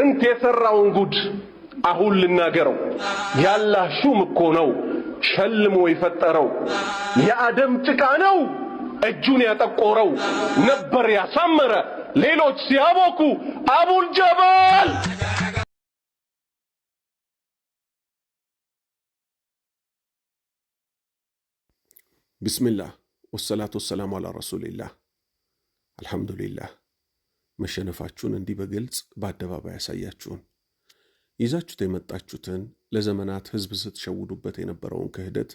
እንት የሰራውን ጉድ አሁን ልናገረው። ያላህ ሹም እኮ ነው ሸልሞ የፈጠረው። የአደም ጭቃ ነው እጁን ያጠቆረው። ነበር ያሳመረ ሌሎች ሲያቦኩ አቡል ጀበል ቢስሚላህ ወሰላቱ ወሰላሙ አላ ረሱሊላህ አልሐምዱሊላህ መሸነፋችሁን እንዲህ በግልጽ በአደባባይ ያሳያችሁን። ይዛችሁት የመጣችሁትን ለዘመናት ሕዝብ ስትሸውዱበት የነበረውን ክህደት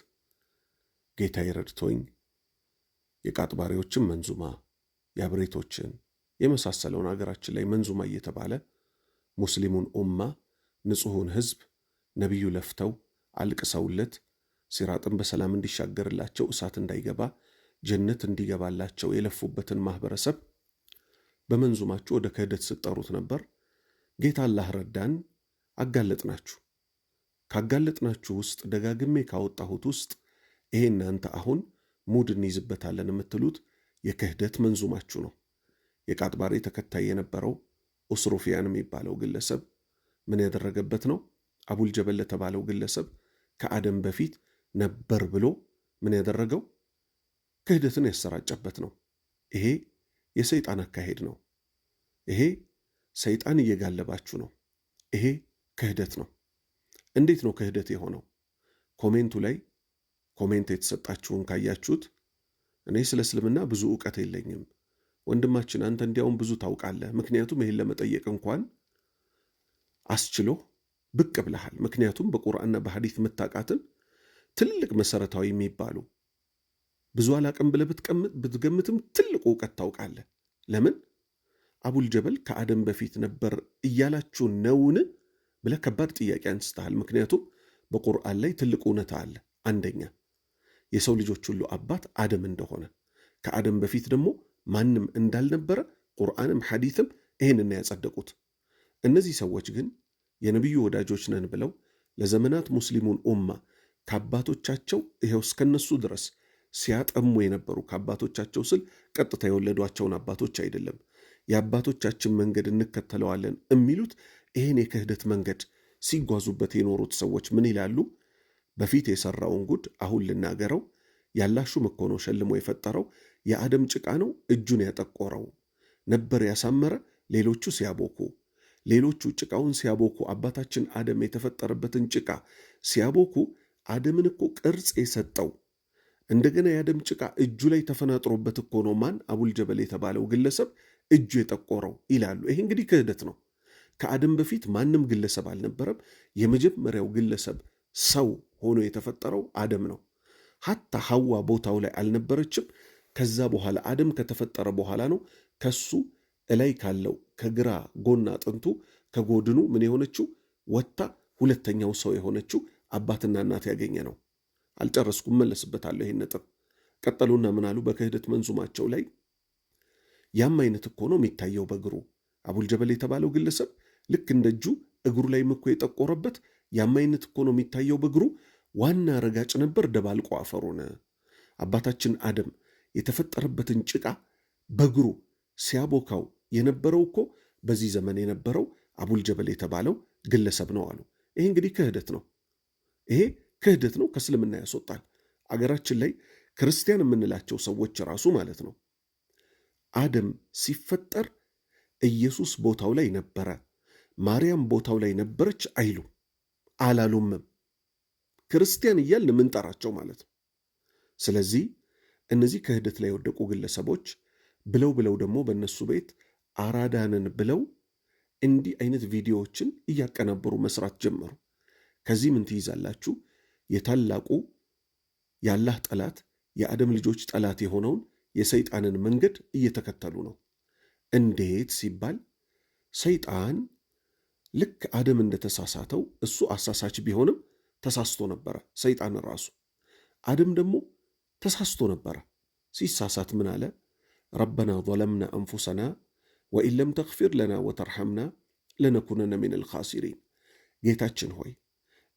ጌታ ይረድቶኝ የቃጥባሪዎችን መንዙማ የአብሬቶችን የመሳሰለውን አገራችን ላይ መንዙማ እየተባለ ሙስሊሙን ኡማ ንጹሑን ሕዝብ ነቢዩ ለፍተው አልቅሰውለት ሲራጥን በሰላም እንዲሻገርላቸው እሳት እንዳይገባ ጀነት እንዲገባላቸው የለፉበትን ማኅበረሰብ በመንዙማችሁ ወደ ክህደት ስትጠሩት ነበር። ጌታ አላህ ረዳን፣ አጋለጥናችሁ። ካጋለጥናችሁ ውስጥ ደጋግሜ ካወጣሁት ውስጥ ይሄ እናንተ አሁን ሙድ እንይዝበታለን የምትሉት የክህደት መንዙማችሁ ነው። የቃጥባሬ ተከታይ የነበረው ኦስሮፊያን የሚባለው ግለሰብ ምን ያደረገበት ነው? አቡልጀበል ለተባለው ግለሰብ ከአደም በፊት ነበር ብሎ ምን ያደረገው ክህደትን ያሰራጨበት ነው። ይሄ የሰይጣን አካሄድ ነው። ይሄ ሰይጣን እየጋለባችሁ ነው። ይሄ ክህደት ነው። እንዴት ነው ክህደት የሆነው? ኮሜንቱ ላይ ኮሜንት የተሰጣችሁን ካያችሁት እኔ ስለ እስልምና ብዙ እውቀት የለኝም ወንድማችን፣ አንተ እንዲያውም ብዙ ታውቃለህ፣ ምክንያቱም ይህን ለመጠየቅ እንኳን አስችሎ ብቅ ብለሃል። ምክንያቱም በቁርአንና በሐዲት የምታውቃትን ትልቅ መሰረታዊ የሚባሉ ብዙ አላቅም ብለህ ብትገምትም ትልቅ እውቀት ታውቃለህ። ለምን አቡል ጀበል ከአደም በፊት ነበር እያላችሁ ነውን ብለህ ከባድ ጥያቄ አንስተሃል። ምክንያቱም በቁርአን ላይ ትልቅ እውነታ አለ። አንደኛ የሰው ልጆች ሁሉ አባት አደም እንደሆነ ከአደም በፊት ደግሞ ማንም እንዳልነበረ ቁርአንም ሐዲትም ይህንን ያጸደቁት። እነዚህ ሰዎች ግን የነቢዩ ወዳጆች ነን ብለው ለዘመናት ሙስሊሙን ኡማ ከአባቶቻቸው ይኸው እስከነሱ ድረስ ሲያጠሙ የነበሩ ከአባቶቻቸው ስል ቀጥታ የወለዷቸውን አባቶች አይደለም የአባቶቻችን መንገድ እንከተለዋለን የሚሉት ይህን የክህደት መንገድ ሲጓዙበት የኖሩት ሰዎች ምን ይላሉ? በፊት የሰራውን ጉድ አሁን ልናገረው፣ ያላሹ እኮ ነው ሸልሞ የፈጠረው፣ የአደም ጭቃ ነው እጁን ያጠቆረው፣ ነበር ያሳመረ ሌሎቹ ሲያቦኩ ሌሎቹ ጭቃውን ሲያቦኩ አባታችን አደም የተፈጠረበትን ጭቃ ሲያቦኩ አደምን እኮ ቅርጽ የሰጠው እንደገና የአደም ጭቃ እጁ ላይ ተፈናጥሮበት እኮ ነው ማን አቡልጀበል የተባለው ግለሰብ እጁ የጠቆረው ይላሉ። ይሄ እንግዲህ ክህደት ነው። ከአደም በፊት ማንም ግለሰብ አልነበረም። የመጀመሪያው ግለሰብ ሰው ሆኖ የተፈጠረው አደም ነው። ሀታ ሐዋ ቦታው ላይ አልነበረችም። ከዛ በኋላ አደም ከተፈጠረ በኋላ ነው ከሱ እላይ ካለው ከግራ ጎና አጥንቱ ከጎድኑ ምን የሆነችው ወጥታ ሁለተኛው ሰው የሆነችው አባትና እናት ያገኘ ነው። አልጨረስኩም፣ መለስበታለሁ ይህን ነጥብ። ቀጠሉና ምናሉ በክህደት መንዙማቸው ላይ ያም አይነት እኮ ነው የሚታየው በእግሩ አቡልጀበል የተባለው ግለሰብ ልክ እንደ እጁ እግሩ ላይም እኮ የጠቆረበት ያም አይነት እኮ ነው የሚታየው በእግሩ ዋና ረጋጭ ነበር ደባልቆ አፈሩን አባታችን አደም የተፈጠረበትን ጭቃ በእግሩ ሲያቦካው የነበረው እኮ በዚህ ዘመን የነበረው አቡልጀበል የተባለው ግለሰብ ነው አሉ ይሄ እንግዲህ ክህደት ነው ይሄ ክህደት ነው ከእስልምና ያስወጣል አገራችን ላይ ክርስቲያን የምንላቸው ሰዎች ራሱ ማለት ነው አደም ሲፈጠር ኢየሱስ ቦታው ላይ ነበረ፣ ማርያም ቦታው ላይ ነበረች አይሉ አላሉምም። ክርስቲያን እያልን ምንጠራቸው ማለት ነው። ስለዚህ እነዚህ ክህደት ላይ የወደቁ ግለሰቦች ብለው ብለው ደግሞ በእነሱ ቤት አራዳንን ብለው እንዲህ አይነት ቪዲዮዎችን እያቀናበሩ መስራት ጀመሩ። ከዚህ ምን ትይዛላችሁ? የታላቁ የአላህ ጠላት የአደም ልጆች ጠላት የሆነውን የሰይጣንን መንገድ እየተከተሉ ነው። እንዴት ሲባል ሰይጣን ልክ አደም እንደተሳሳተው እሱ አሳሳች ቢሆንም ተሳስቶ ነበረ። ሰይጣን ራሱ አደም ደግሞ ተሳስቶ ነበረ። ሲሳሳት ምን አለ? ረበና ዘለምና አንፉሰና ወኢን ለም ተግፊር ለና ወተርሐምና ለነኩነነ ሚነል ኻሲሪን። ጌታችን ሆይ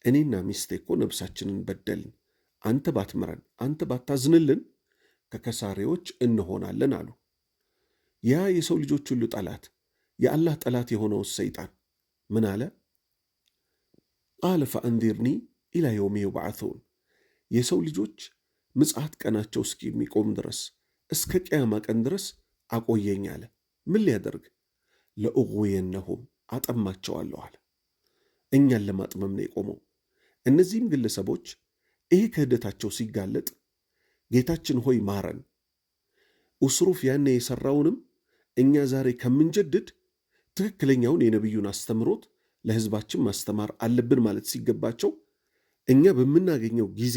እኔና ሚስቴ እኮ ነብሳችንን በደልን፣ አንተ ባትምረን፣ አንተ ባታዝንልን ከከሳሪዎች እንሆናለን አሉ። ያ የሰው ልጆች ሁሉ ጠላት የአላህ ጠላት የሆነው ሰይጣን ምን አለ? ቃለ ፈአንዚርኒ ኢላ የውሚ ዩብዓቱን የሰው ልጆች ምጽአት ቀናቸው እስኪሚቆም ድረስ እስከ ቅያማ ቀን ድረስ አቆየኝ አለ። ምን ሊያደርግ? ለእጉየነሁም አጠማቸዋለሁ አለ። እኛን ለማጥመም ነው የቆመው። እነዚህም ግለሰቦች ይሄ ክህደታቸው ሲጋለጥ ጌታችን ሆይ ማረን። ኡስሩፍ ያኔ የሠራውንም እኛ ዛሬ ከምንጀድድ ትክክለኛውን የነቢዩን አስተምሮት ለሕዝባችን ማስተማር አለብን ማለት ሲገባቸው እኛ በምናገኘው ጊዜ፣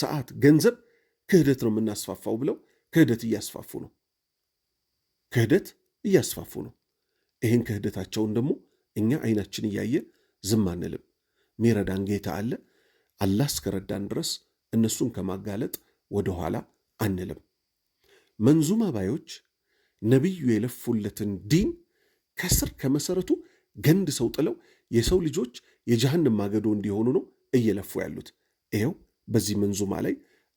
ሰዓት፣ ገንዘብ ክህደት ነው የምናስፋፋው ብለው ክህደት እያስፋፉ ነው። ክህደት እያስፋፉ ነው። ይህን ክህደታቸውን ደግሞ እኛ አይናችን እያየ ዝም አንልም። ሚረዳን ጌታ አለ። አላህ እስከረዳን ድረስ እነሱን ከማጋለጥ ወደ ኋላ አንልም። መንዙማ ባዮች ነቢዩ የለፉለትን ዲን ከስር ከመሰረቱ ገንድ ሰው ጥለው የሰው ልጆች የጀሃንም ማገዶ እንዲሆኑ ነው እየለፉ ያሉት። ይኸው በዚህ መንዙማ ላይ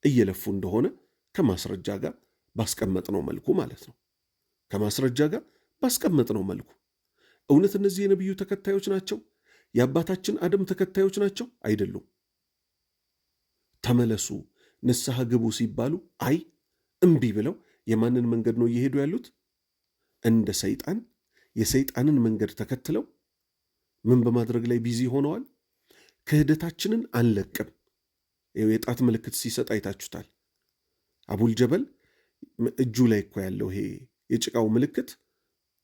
እየለፉ እንደሆነ ከማስረጃ ጋር ባስቀመጥነው መልኩ ማለት ነው። ከማስረጃ ጋር ባስቀመጥነው መልኩ እውነት እነዚህ የነቢዩ ተከታዮች ናቸው? የአባታችን አደም ተከታዮች ናቸው? አይደሉም። ተመለሱ ንስሐ ግቡ ሲባሉ አይ እምቢ ብለው የማንን መንገድ ነው እየሄዱ ያሉት? እንደ ሰይጣን የሰይጣንን መንገድ ተከትለው ምን በማድረግ ላይ ቢዚ ሆነዋል? ክህደታችንን አንለቅም። ይኸው የጣት ምልክት ሲሰጥ አይታችሁታል። አቡል ጀበል እጁ ላይ እኮ ያለው ይሄ የጭቃው ምልክት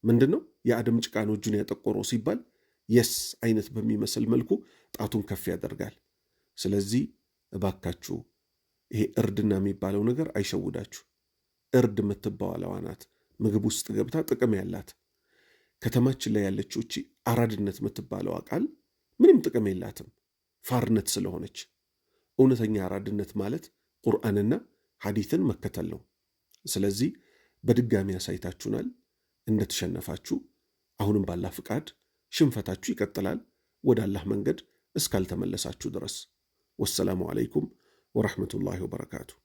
ምንድን ነው? የአደም ጭቃ ነው እጁን ያጠቆረው ሲባል የስ አይነት በሚመስል መልኩ ጣቱን ከፍ ያደርጋል። ስለዚህ እባካችሁ ይሄ እርድና የሚባለው ነገር አይሸውዳችሁ። እርድ የምትባለዋ ናት ምግብ ውስጥ ገብታ ጥቅም ያላት። ከተማችን ላይ ያለችው እቺ አራድነት የምትባለዋ ቃል ምንም ጥቅም የላትም ፋርነት ስለሆነች። እውነተኛ አራድነት ማለት ቁርአንና ሐዲትን መከተል ነው። ስለዚህ በድጋሚ አሳይታችሁናል፣ እንደተሸነፋችሁ። አሁንም ባላ ፍቃድ ሽንፈታችሁ ይቀጥላል፣ ወደ አላህ መንገድ እስካልተመለሳችሁ ድረስ። ወሰላሙ አለይኩም ورحمة الله وبركاته